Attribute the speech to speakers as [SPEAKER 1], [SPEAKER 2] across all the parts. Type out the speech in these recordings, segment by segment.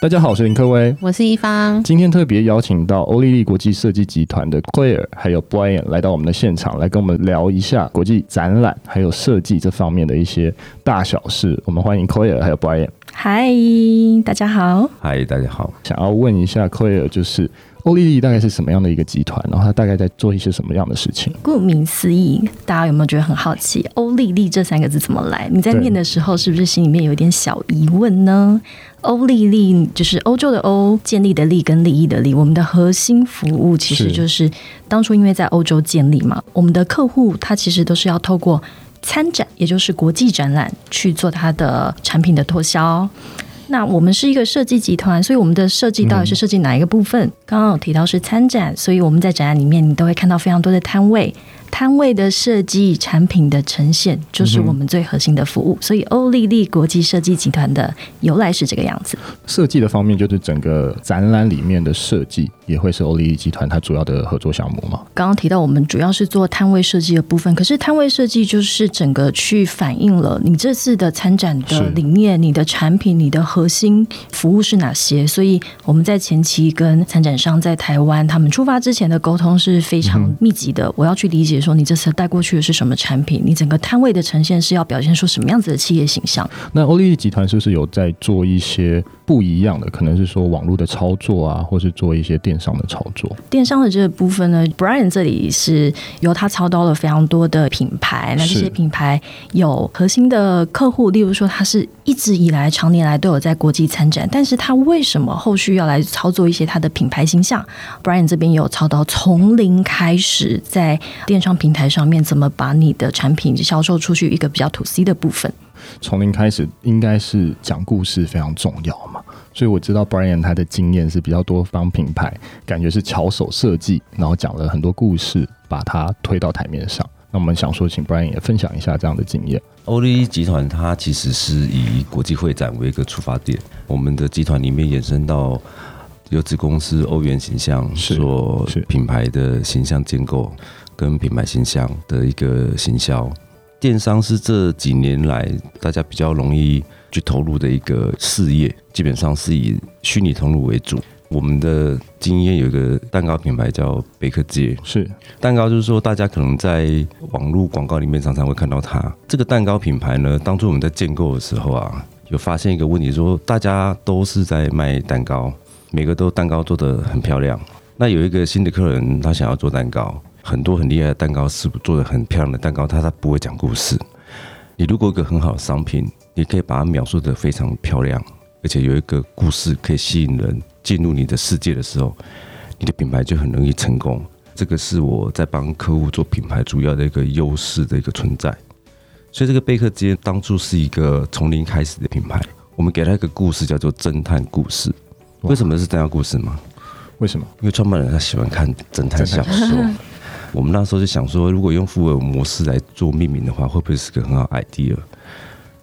[SPEAKER 1] 大家好，我是林克威，我是一方。今天特別邀請到歐立利國際設計集團的 Claire，還有 Brian 來到我們的現場，來跟我們聊一下國際展覽還有設計這方面的一些大小事。我們歡迎 Claire 還有 Brian。
[SPEAKER 2] 嗨，大家好。
[SPEAKER 1] 嗨，大家好。想要問一下 Claire 就是。歐立利大概是什麼樣的一個集團？然後它大概在做一些什麼樣的事情？
[SPEAKER 2] 顧名思義，大家有沒有覺得很好奇“歐立利”這三個字怎麼來？你在念的時候，是不是心裡面有一點小疑問呢？對歐立利就是歐洲的歐，建立的立跟利益的利。我們的核心服務其實就是，是當初因為在歐洲建立嘛，我們的客戶他其實都是要透過參展，也就是國際展覽去做它的產品的拓銷。那我們是一個設計集團，所以我們的設計到底是設計哪一個部分？嗯、剛剛有提到是參展，所以我們在展覽裡面，你都會看到非常多的攤位，攤位的設計、產品的呈現，就是我們最核心的服務。嗯、哼所以歐立利國際設計集團的由來是這個樣子。
[SPEAKER 1] 設計的方面就是整個展覽裡面的設計。也會是歐立利集團它主要的合作項目嗎？剛
[SPEAKER 2] 剛提到我們主要是做攤位設計的部分，可是攤位設計就是整個去反映了你這次的參展的理念、是你的產品、你的核心服務是哪些？所以我們在前期跟參展商在台灣他們出發之前的溝通是非常密集的。嗯、哼我要去理解說你這次帶過去的是什麼產品，你整個攤位的呈現是
[SPEAKER 1] 要表現出什麼樣子的企業形象？那歐立利集團是不是有在做一些？不一樣的，可能是說網絡的操作啊，或是做一些電商的操作。
[SPEAKER 2] 電商的這個部分呢，Brian 這裡是由他操刀了非常多的品牌，那這些品牌有核心的客戶，是例如說他是一直以來、常年來都有在國際參展，但是他為什麼後續要來操作一些他的品牌形象？Brian 這邊也有操刀，從零開始在電商平台上面怎麼把你的產品銷售出去，一個比較
[SPEAKER 1] to C 的部分。從零開始，應該是講故事非常重要嘛，所以我知道 Brian 他的經驗是比較多方品牌，感覺是巧手設計，然後講了很多故事，把它推到台面上。那我們想說，請 Brian 也分享一下這樣的經驗。
[SPEAKER 3] 歐 e 集團它其實是以國際會展為一個出發點，我們的集團裡面延伸到有子公司歐元形象，做品牌的形象建構跟品牌形象的一個行銷。電商是這幾年來大家比較容易去投入的一個事業，基本上是以虛擬通路為主。我們的經驗有一個蛋糕品牌叫貝克街，是蛋糕，就是說大家可能在網絡廣告裡面常常會看到它。這個蛋糕品牌呢，當初我們在建構的時候啊，有發現一個問題說，說大家都是在賣蛋糕，每個都蛋糕做得很漂亮。那有一個新的客人，他想要做蛋糕，很多很厲害的蛋糕師傅，做的很漂亮的蛋糕，他他不會講故事。你如果有一個很好的商品，你可以把它描述得非常漂亮，而且有一個故事可以吸引人進入你的世界的時候，你的品牌就很容易成功。這個是我在幫客戶做品牌主要的一個優勢的一個存在。所以這個貝克街當初是一個從零開始的品牌，我們給他一個故事叫做偵探故事。為什麼這是偵探故事嗎？Wow. 為什麼？因為創辦人他喜歡看偵探小說。我們那時候就想說，如果用福爾摩斯來做命名的話，會不會是個很好 idea？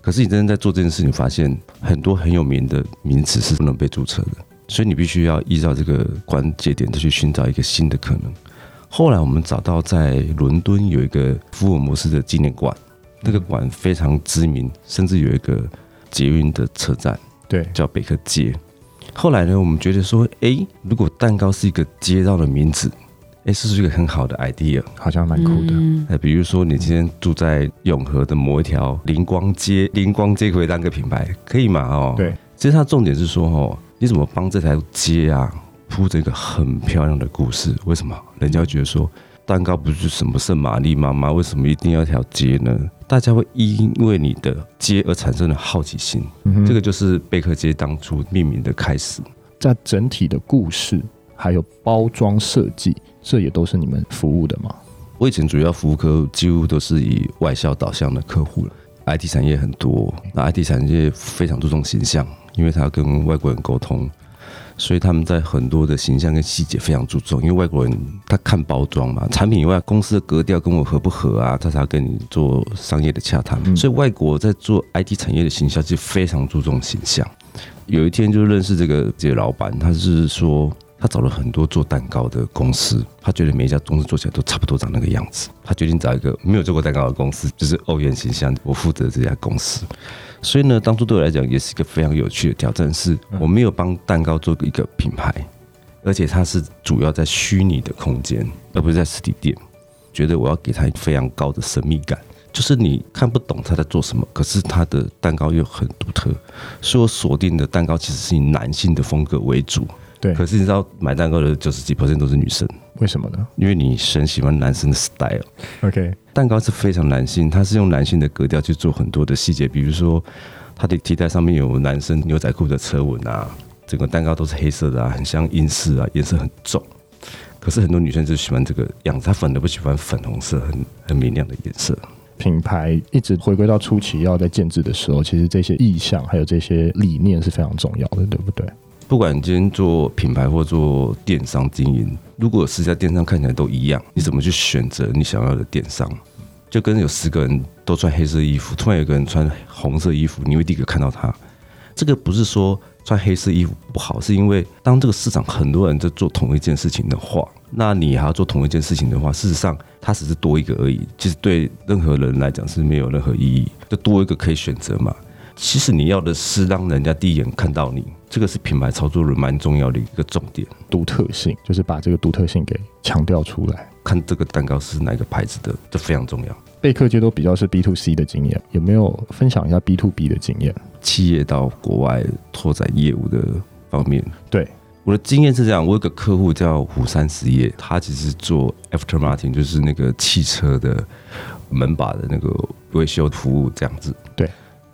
[SPEAKER 3] 可是你真的在做這件事情，發現很多很有名的名詞是不能被註冊的，所以你必須要依照這個關節點再去尋找一個新的可能。後來我們找到在倫敦有一個福爾摩斯的紀念館，那個館非常知名，甚至有一個捷運的車站，對，叫貝克街。後來呢，我們覺得說，哎，如果蛋糕是一個街道的名字，哎，是不是一個很好的 idea？好像蠻酷的。嗯、比如說你今天住在永和的某一條靈光街，靈光街可以當個品牌，可以嘛？哦，對。其實它重點是說，哦，你怎麼幫這條街啊鋪這個很漂亮的故事？為什麼人家會覺得說蛋糕不是什麼聖瑪麗媽媽？為什麼一定要一條街呢？大家會因為你的街而產生了好奇心，嗯、哼這個就是貝克街當初命名的開始。
[SPEAKER 1] 在整體的故事還有包裝設計，這也都是你
[SPEAKER 3] 們服務的嗎？我以前主要服務客戶幾乎都是以外銷導向的客戶了，IT 產業很多，那 IT 產業非常注重形象，因為他要跟外國人溝通。所以他們在很多的形象跟細節非常注重，因為外國人他看包裝嘛，產品以外公司的格調跟我合不合啊？他才跟你做商業的洽談。所以外國在做 IT 產業的形象就非常注重形象。有一天就認識這個這個老闆，他是說他找了很多做蛋糕的公司，他覺得每一家公司做起來都差不多長那個樣子，他決定找一個沒有做過蛋糕的公司，就是歐立利形象，我負責這家公司。所以呢，當初對我來講也是一個非常有趣的挑戰，是我沒有幫蛋糕做一個品牌，而且它是主要在虛擬的空間，而不是在實體店。覺得我要給它非常高的神秘感，就是你看不懂它在做什麼，可是它的蛋糕又很獨特。所以我鎖定的蛋糕其實是以男性的風格為主。對，可是你知道買蛋糕的九十幾%都是女生，為什麼呢？因為你女生喜歡男生的 style okay。OK，蛋糕是非常男性，它是用男性的格調去做很多的細節，比如說它的提袋上面有男生牛仔褲的車紋啊，整個蛋糕都是黑色的啊，很像英式啊，顏色很重。可是很多女生就喜歡這個樣子，她反而不喜歡粉紅色，很很明亮的顏色。品牌一直回歸到
[SPEAKER 1] 初期要在建置的時候，其實這些意向還有這些理念是非常重要的，對不對？
[SPEAKER 3] 不管你今天做品牌或做電商經營，如果是在電商看起來都一樣，你怎麼去選擇你想要的電商？就跟有十個人都穿黑色衣服，突然有個人穿紅色衣服，你會立刻看到他。這個不是說穿黑色衣服不好，是因為當這個市場很多人在做同一件事情的話，那你還要做同一件事情的話，事實上它只是多一個而已，其實對任何人來講是沒有任何意義，就多一個可以選擇嘛。其實你要的是讓人家第一眼看到你，這個是品牌操作人蠻重要的一個重點。
[SPEAKER 1] 獨特性就是把這個獨特性給強調出來。
[SPEAKER 3] 看這個蛋糕是哪個牌子的，這非常重要。
[SPEAKER 1] 貝克街都比較是 B to C 的經驗，有沒有分享一下 B to B 的經驗？
[SPEAKER 3] 企業到國外拓展業務的方面，對我的經驗是這樣：我有個客戶叫虎山實業，他其實做 Aftermarket，就是那個汽車的門把的那個維修服務這樣子。對。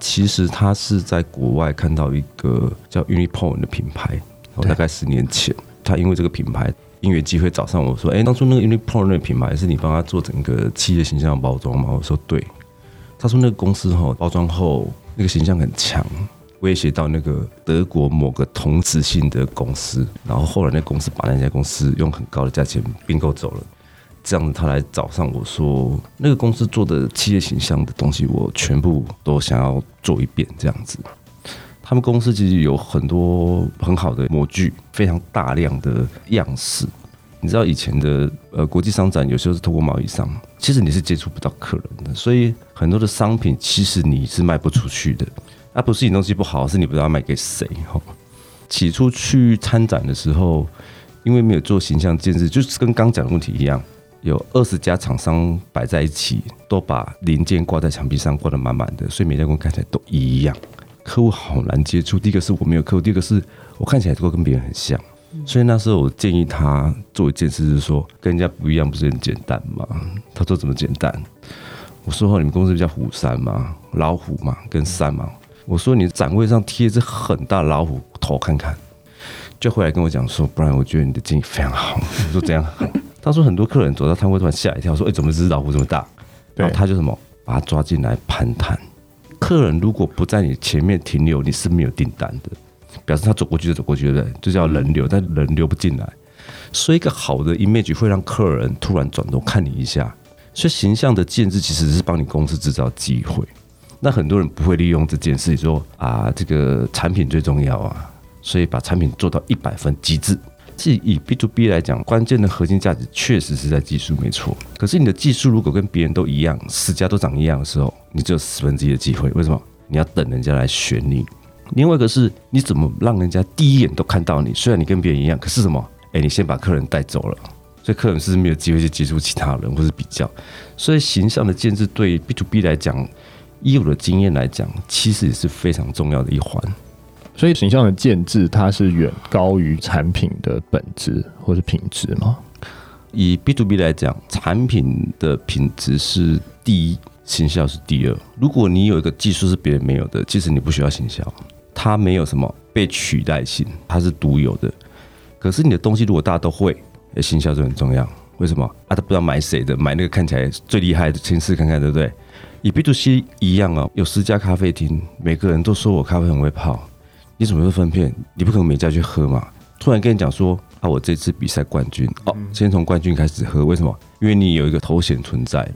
[SPEAKER 3] 其實他是在國外看到一個叫 u n i Point 的品牌，大概十年前，對他因為這個品牌，因為機會找上我說，哎，當初那個 u n i Point 那個品牌是你幫他做整個企業形象的包裝嗎？我說對。他說那個公司吼包裝後那個形象很強，威脅到那個德國某個同質性的公司，然後後來那個公司把那家公司用很高的價錢併購走了。這樣子，他來找上我說，那個公司做的企業形象的東西，我全部都想要做一遍。這樣子，他們公司其實有很多很好的模具，非常大量的樣式。你知道，以前的呃國際商展，有時候是透過貿易商，其實你是接觸不到客人的，所以很多的商品其實你是賣不出去的。那、啊、不是你東西不好，是你不知道賣給誰。 起初去參展的時候，因為沒有做形象建置，就是跟剛講的問題一樣。有二十家廠商擺在一起，都把零件掛在牆壁上，掛得滿滿的，所以每家公司看起來都一樣，客戶好難接觸。第一個是我沒有客戶，第二個是我看起來都跟別人很像，嗯、所以那時候我建議他做一件事，就是說跟人家不一樣，不是很簡單嗎？他說怎麼簡單？我說你們公司叫虎山嗎？老虎嘛，跟山嘛。嗯、我說你展位上貼隻很大老虎頭看看，就回來跟我講說，Brian 我覺得你的建議非常好。你說怎樣很？ 當初很多客人走到攤位突然嚇一跳，說：“誒、欸，怎麼這隻老虎這麼大？”然後他就什麼把他抓進來攀談。客人如果不在你前面停留，你是沒有訂單的，表示他走過去就走過去，對不對？就叫人流，但人流不進來，所以一個好的 image 會讓客人突然轉動看你一下。所以形象的建置其實是幫你公司制造機會。那很多人不會利用這件事情，說：“啊，這個產品最重要啊，所以把產品做到一百分極致。”是以 B to B 來講，關鍵的核心價值確實是在技術，沒錯。可是你的技術如果跟別人都一樣，十家都長一樣的時候，你只有十分之一的機會。為什麼？你要等人家來選你。另外一個是，你怎麼讓人家第一眼都看到你？雖然你跟別人一樣，可是什麼？哎，你先把客人帶走了，所以客人是沒有機會去接觸其他人或是比較。所以形象的建置對於 B to B 來講，以我的經驗來講，其實也是非常重要的一環。所以，形象的建置，它是遠高於產品的本質或者品質嗎？以 B to B 來講，產品的品質是第一，形象是第二。如果你有一個技術是別人沒有的，其實你不需要形象，它沒有什麼被取代性，它是獨有的。可是你的東西如果大家都會，形象就很重要。為什麼？啊，都不知道買誰的，買那個看起來最厲害的親試看看，對不對？以 B to C 一樣啊、喔，有十家咖啡廳，每個人都說我咖啡很會泡。你怎麼會分辨？你不可能每家去喝嘛。突然跟你講說，啊，我這次比賽冠軍哦，先從冠軍開始喝。為什麼？因為你有一個頭銜存在的。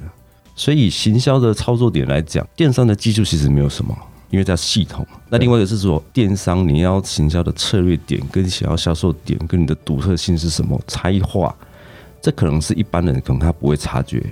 [SPEAKER 3] 所以,以，行銷的操作點來講，電商的技術其實沒有什麼，因為它系統。那另外一個是說，電商你要行銷的策略點跟想要銷售點跟你的獨特性是什麼差異化，這可能是一般人可能他不會察覺。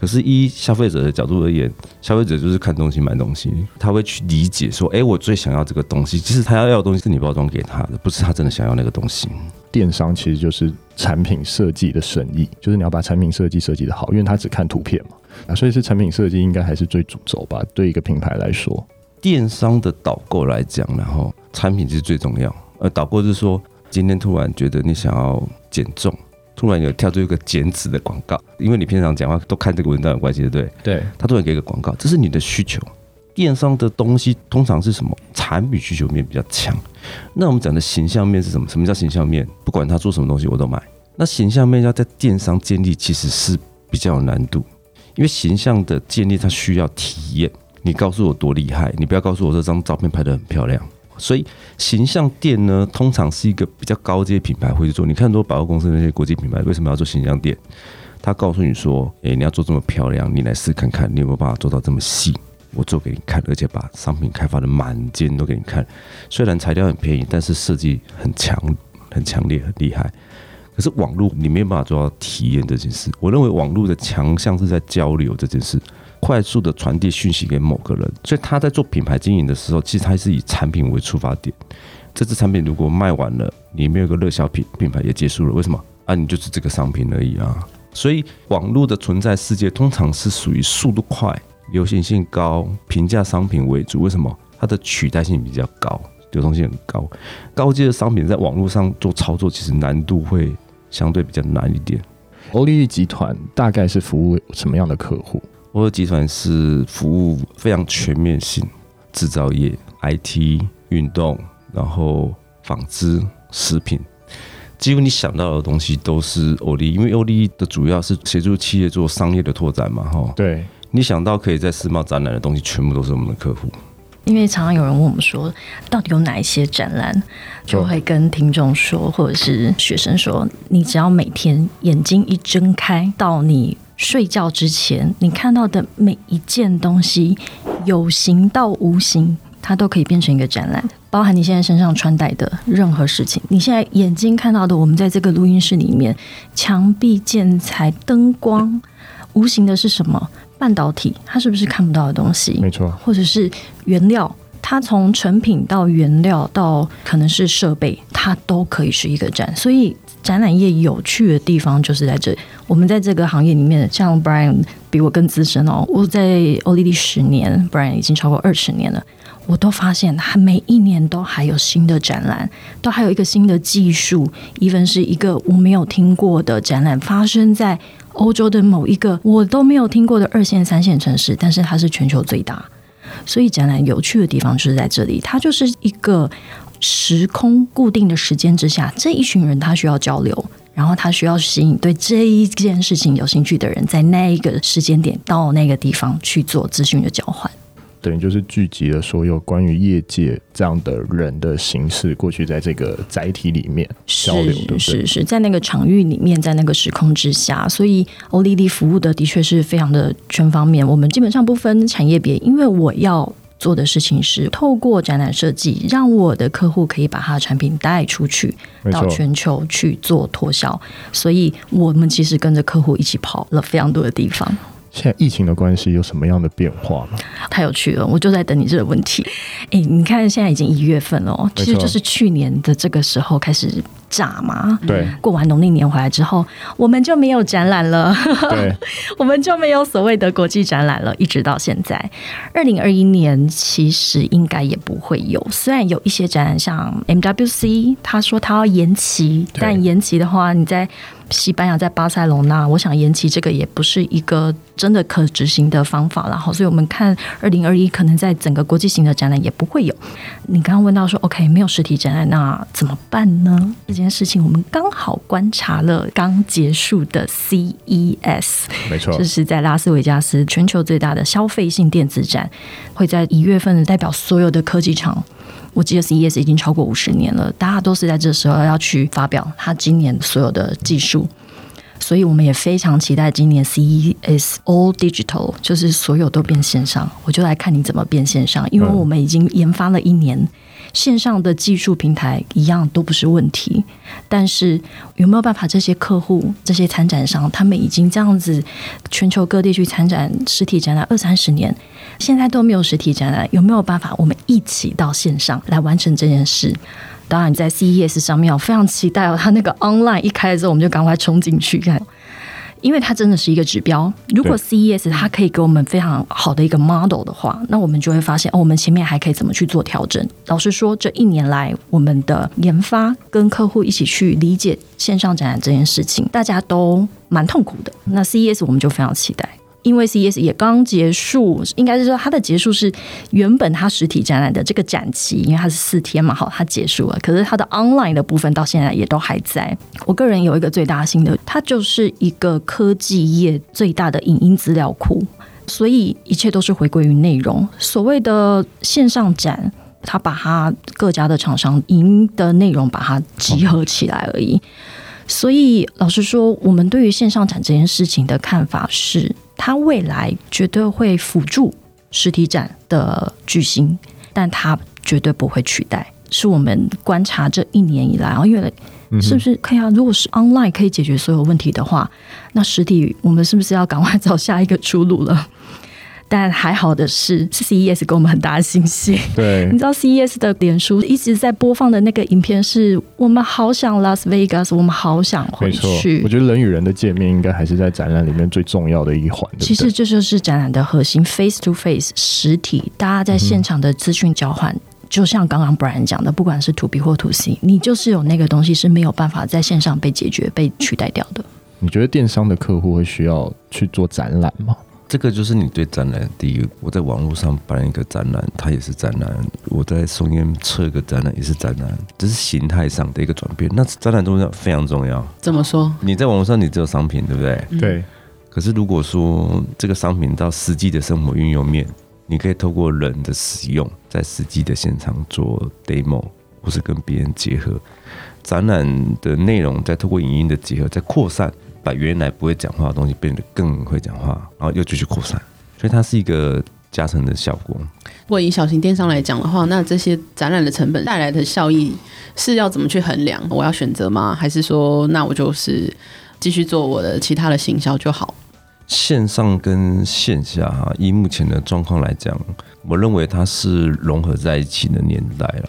[SPEAKER 3] 可是，依消費者的角度而言，消費者就是看東西、買東西，他會去理解說，哎、欸，我最想要這個東西。其實他要要的東西是你包裝給他的，不是他真的想要那個東西。
[SPEAKER 1] 電商其實就是產品設計的生意，就是你要把產品設計設計的好，因為他只看圖片嘛，啊，所以是產品設計應該還是最主軸吧？對一個品牌
[SPEAKER 3] 來說，電商的導購來講，然後產品其實最重要。而導購是說，今天突然覺得你想要減重。突然有跳出一個剪紙的廣告，因為你平常講話都看這個文章有關係，對不對？對，他突然給個廣告，這是你的需求。電商的東西通常是什麼？產品需求面比較強。那我們講的形象面是什麼？什麼叫形象面？不管他做什麼東西，我都買。那形象面要在電商建立，其實是比較有難度，因為形象的建立它需要體驗。你告訴我多厲害，你不要告訴我這張照片拍得很漂亮。所以形象店呢，通常是一個比較高階品牌會去做。你看，很多百貨公司那些國際品牌為什麼要做形象店？他告訴你說，誒、欸，你要做這麼漂亮，你來試看看，你有沒有辦法做到這麼細？我做給你看，而且把商品開發的滿間都給你看。雖然材料很便宜，但是設計很強、很強烈、很厲害。可是網絡你沒有辦法做到體驗這件事。我認為網絡的強項是在交流這件事。快速的傳遞訊息給某個人，所以他在做品牌經營的時候，其實他是以產品為出發點。這支產品如果賣完了，你沒有個熱銷品，品牌也結束了。為什麼？啊，你就是這個商品而已啊。所以網絡的存在世界通常是屬於速度快、流行性高、平價商品為主。為什麼？它的取代性比較高，流通性很高。高階的商品在網絡上做操作，其實難度會相對比較難一點。歐立利集團
[SPEAKER 1] 大概是服務什麼樣的客戶？
[SPEAKER 3] 歐立利集團是服務非常全面性，製造業、IT、運動，然後紡織、食品，幾乎你想到的東西都是歐立利。因為歐立利的主要是協助企業做商業的拓展嘛，哈。對，你想到可以在世貿展覽的東西，全部都是我們的客戶。
[SPEAKER 2] 因為常常有人問我們說，到底有哪一些展覽，就會跟聽眾說，哦、或者是學生說，你只要每天眼睛一睜開，到你。睡覺之前，你看到的每一件東西，有形到無形，它都可以變成一個展覽，包含你現在身上穿戴的任何事情，你現在眼睛看到的，我們在這個錄音室裡面，牆壁建材、燈光，無形的是什麼？半導體，它是不是看不到的東西？沒錯，或者是原料，它從成品到原料到可能是設備，它都可以是一個展，所以。展覽業有趣的地方就是在這裡。我們在這個行業裡面，像 Brian 比我更資深哦、喔。我在歐立利十年，Brian 已經超過二十年了。我都發現他每一年都還有新的展覽，都還有一個新的技術，Even 是一個我沒有聽過的展覽，發生在歐洲的某一個我都沒有聽過的二線、三線城市，但是它是全球最大。所以展覽有趣的地方就是在這裡，它就是一個。時空固定的時間之下，這一群人他需要交流，然後他需要吸引對這一件事情有興趣的人，在那一個時間點到那個地方去做資訊的交換。
[SPEAKER 1] 等於就是聚集了所有關於業界這樣的人的形式，過去在這個載體裡面交流的是，是是
[SPEAKER 2] 在那個場域裡面，在那個時空之下。所以歐立利服務的的確是非常的全方面，我們基本上不分產業別，因為我要。做的事情是透過展覽設計，讓我的客戶可以把他的產品帶出去，錯到全球去做拓銷。所以我們其實跟着客戶一起跑了非常多的地方。
[SPEAKER 1] 現在疫情的關係有什麼樣的變化嗎？
[SPEAKER 2] 太有趣了，我就在等你這個問題。誒、欸，你看現在已經一月份了，喔，錯其實就是去年的這個時候開始。炸嘛！對，過完農曆年回來之後，我們就沒有展覽了。對 我們就沒有所謂的國際展覽了，一直到現在。二零二一年其實應該也不會有，雖然有一些展覽，像 MWC，他說他要延期，但延期的話，你在。西班牙在巴塞隆納，那我想延期這個也不是一個真的可執行的方法了哈，所以我們看二零二一可能在整個國際型的展覽也不會有。你剛剛問到說，OK，沒有實體展覽，那怎麼辦呢？這件事情我們剛好觀察了剛結束的 CES，沒錯，這是在拉斯維加斯全球最大的消費性電子展，會在一月份代表所有的科技廠。我記得 CES 已經超過五十年了，大家都是在這時候要去發表他今年所有的技術，所以我們也非常期待今年 CES All Digital，就是所有都變線上，我就來看你怎麼變線上，因為我們已經研發了一年。線上的技術平台一樣都不是問題，但是有沒有辦法這，這些客戶、這些參展商，他們已經這樣子全球各地去參展實體展覽二三十年，現在都沒有實體展覽，有沒有辦法我們一起到線上來完成這件事？當然，在 CES 上面，我非常期待哦，他那個 Online 一開之後，我們就趕快衝進去看。因為它真的是一個指標。如果 CES 它可以給我們非常好的一個 model 的話，對那我們就會發現哦，我們前面還可以怎麼去做調整。老實說，這一年來我們的研發跟客戶一起去理解線上展覽這件事情，大家都蠻痛苦的。那 CES 我們就非常期待。因為 CES 也剛結束，應該是說它的結束是原本它實體展覽的這個展期，因為它是四天嘛，好，它結束了。可是它的 online 的部分到現在也都還在。我個人有一個最大心得，它就是一個科技業最大的影音資料庫，所以一切都是回歸於內容。所謂的線上展，它把它各家的廠商影音的內容把它集合起來而已。哦、所以老實說，我們對於線上展這件事情的看法是。它未來絕對會輔助實體展的巨星，但它絕對不會取代。是我們觀察這一年以來，因為是不是可以啊？如果是 online 可以解決所有問題的話，那實體我們是不是要趕快找下一個出路了？但還好的是，是，CES 給我們
[SPEAKER 1] 很大的信心。對，你
[SPEAKER 2] 知道 CES 的臉書一直在播放的那個影片是，是我們好想拉斯維加斯，我們好想回去。
[SPEAKER 1] 沒錯，我覺得人與人的見面應該還是在展覽裡面最重要的一環。對對，其實
[SPEAKER 2] 這就是展覽的核心，face to face 實體，大家在現場的資訊交換，嗯、哼就像剛剛 Brian 講的，不管是 to B 或 to C，你就是有那個東西是沒有辦法在線上被解決、被取代掉的。
[SPEAKER 1] 你覺得電商的客戶會需要去做展覽嗎？
[SPEAKER 3] 這個就是你對展覽的第一，我在網絡上辦一個展覽，它也是展覽；我在松煙測一個展覽，也是展覽，這是形態上的一個轉變。那展覽重要，非常重要。怎麼說？你在網絡上，你只有商品，對不對？對、嗯。可是如果說這個商品到實際的生活運用面，你可以透過人的使用，在實際的現場做 demo，或是跟別人結合展覽的內容，再透過影音的結合，再擴散。把原來不會講話的東西變得更會講話，然後又繼續擴散，所以它是一個加成的效果。
[SPEAKER 2] 如果以小型電商來講的話，那這些展覽的成本帶來的效益是要怎麼去衡量？我要選擇嗎？還是說，那我就是繼續做我的其他的行銷就好？
[SPEAKER 3] 線上跟線下哈、啊，以目前的狀況來講，我認為它是融合在一起的年代了。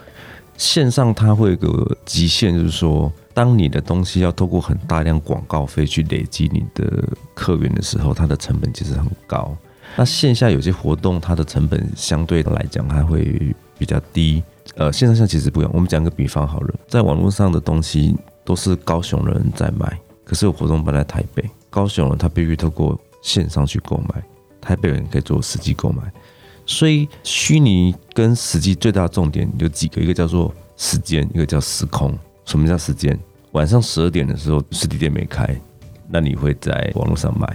[SPEAKER 3] 線上它會有個極限，就是說。當你的東西要透過很大量廣告費去累積你的客源的時候，它的成本其實很高。那線下有些活動，它的成本相對來講還會比較低。呃，線上線下其實不一樣。我們講個比方好了，在網絡上的東西都是高雄人在賣，可是有活動辦在台北，高雄人他必須透過線上去購買，台北人可以做實際購買。所以虛擬跟實際最大的重點有幾個，一個叫做時間，一個叫時空。什麼叫時間？晚上十二點的時候，實體店沒開，那你會在網絡上買。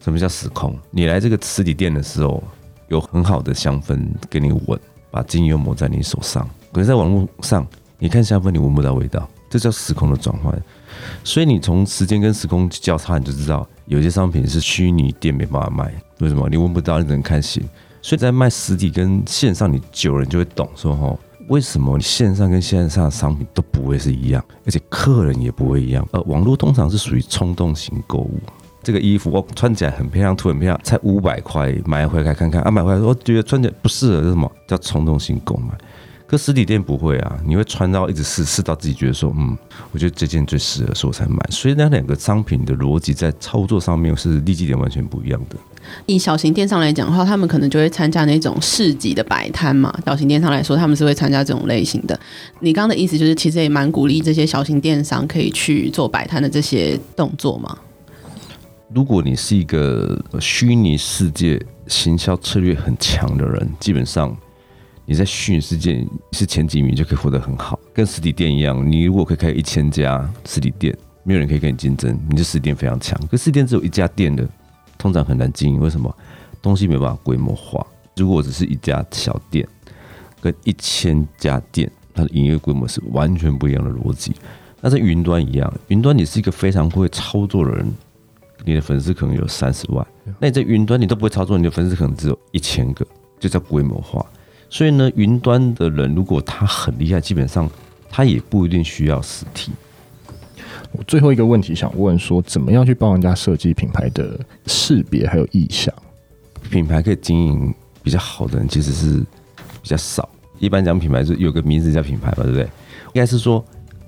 [SPEAKER 3] 什麼叫時空？你來這個實體店的時候，有很好的香氛給你聞，把精油抹在你手上。可是，在網絡上，你看香氛，你聞不到味道，這叫時空的轉換。所以，你從時間跟時空交叉，你就知道有些商品是虛擬店沒辦法賣。為什麼？你聞不到，你只能看形。所以在賣實體跟線上你了，你久了就會懂說齁。哦為什麼你線上跟線上的商品都不會是一樣，而且客人也不會一樣？呃，網絡通常是屬於衝動型購物，這個衣服我、哦、穿起來很漂亮，圖很漂亮，才五百塊，買回來看看啊，買回來我覺得穿起來不適合，是什麼？叫衝動性購買。可實體店不會啊，你會穿到一直試，試到自己覺得說，嗯，我覺得這件最適合，所以我才買。所以那兩個商品的邏輯在操作上面是立基點完全不一樣的。
[SPEAKER 2] 以小型電商來講的話，他們可能就會參加那種市集的擺攤嘛。小型電商來說，他們是會參加這種類型的。你剛剛的意思就是，其實也蠻鼓勵這些小型電商可以去做擺攤的這些動作嘛？
[SPEAKER 3] 如果你是一個虛擬世界行銷策略很強的人，基本上。你在虛擬世界是前幾名就可以活得很好，跟實體店一樣。你如果可以開一千家實體店，沒有人可以跟你競爭，你就實體店非常強。可是實體店只有一家店的，通常很難經營。為什麼？東西沒辦法規模化。如果只是一家小店，跟一千家店，它的營業規模是完全不一樣的邏輯。那在雲端一樣，雲端你是一個非常會操作的人，你的粉絲可能有三十萬。那你在雲端你都不會操作，你的粉絲可能只有一千個，就叫規模化。所以呢，雲端的人如果他很厲害，基本上他也不一定需要實體。
[SPEAKER 1] 我最後一個問題想問說，說怎麼樣去幫人家設計品牌的
[SPEAKER 3] 識別還有意象？品牌可以經營比較好的人其實是比較少。一般講品牌，是有個名字叫品牌嘛，對不對？應該是說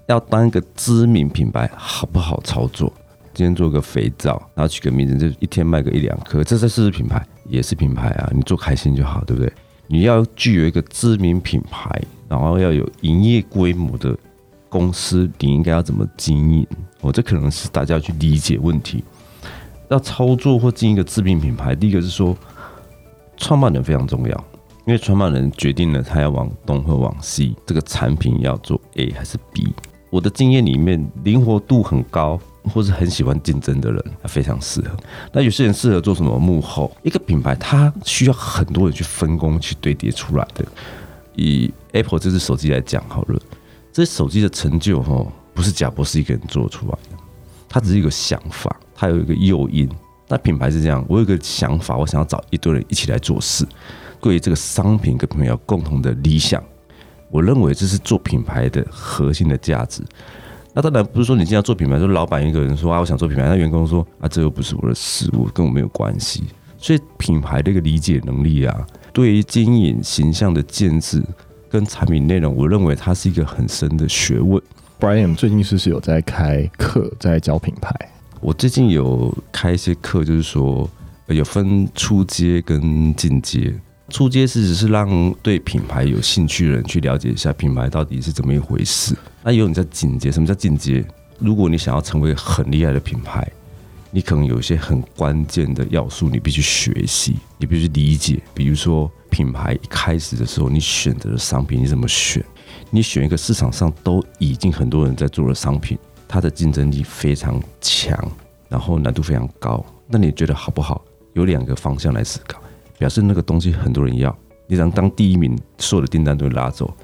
[SPEAKER 3] 要當一個知名品牌好不好操作？今天做個肥皂，然後取個名字，就一天賣個一兩顆，這是是品牌，也是品牌啊，你做開心就好，對不對？你要具有一個知名品牌，然後要有營業規模的公司，你應該要怎麼經營？哦，這可能是大家要去理解問題。要操作或經營一個知名品牌，第一個是說，創辦人非常重要，因為創辦人決定了他要往東或往西，這個產品要做 A 還是 B。我的經驗裡面，靈活度很高。或是很喜歡競爭的人，他非常適合。那有些人適合做什麼幕後？一個品牌，它需要很多人去分工去堆疊出來的。以 Apple 這支手機來講好了，這手機的成就哈，不是賈伯斯一個人做出來的，它只是一個想法，它有一個誘因。那品牌是這樣，我有一個想法，我想要找一堆人一起來做事，對於這個商品跟朋友共同的理想，我認為這是做品牌的核心的價值。那當然不是說你現在做品牌，就是老板一個人說啊，我想做品牌，那員工說啊，這又不是我的事，我跟我沒有關係。所以品牌的一個理解能力啊，對於經營形象的建置跟產品內容，我認為它是一個很深的學問。Brian 最近是不是有在開課，在教品牌？我最近有開一些課，就是說有分初階跟進階。出街是只是讓對品牌有興趣的人去了解一下品牌到底是怎麼一回事。那有你在進階，什麼叫進階？如果你想要成為很厲害的品牌，你可能有一些很關鍵的要素你，你必須學習，你必須理解。比如說，品牌一開始的時候，你選擇的商品你怎麼選？你選一個市場上都已經很多人在做的商品，它的競爭力非常強，然後難度非常高。那你覺得好不好？有兩個方向來思考。表示那個東西很多人要，你想當第一名，所有的訂單都會拉走。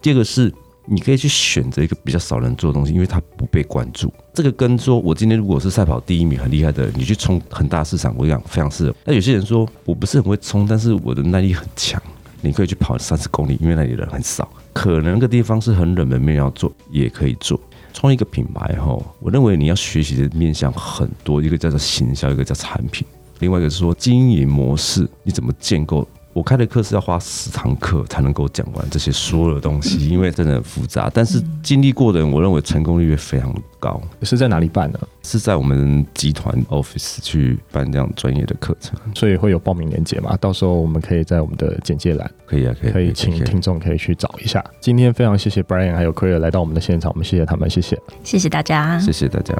[SPEAKER 3] 第二個是，你可以去選擇一個比較少人做的東西，因為它不被關注。這個跟說我今天如果是賽跑第一名很厲害的，你去衝很大市場，我想非常適合。那有些人說我不是很會衝，但是我的耐力很強，你可以去跑三十公里，因為那裡人很少。可能那個地方是很冷門，沒人要做也可以做。衝一個品牌，哈，我認為你要學習的面向很多，一個叫做行銷，一個叫產品。另外一個是說經營模式，你怎麼建構？我開的課是要花十堂課才能夠講完這些所有的東西， 因為真的很複雜。但是經歷過的人，我認為成功率會非常高。嗯、是在哪裡辦呢？是在我們集團 office 去辦這樣專業的課程，
[SPEAKER 1] 所以會有報名鏈接嘛？到時候我們可以在我們的簡介欄，可以啊，可以，可以請聽眾可以去找一下。okay. 今天非常謝謝 Brian 還有 Claire 來到我們的現場，我們謝謝他們，謝謝，謝謝大家，謝謝大家。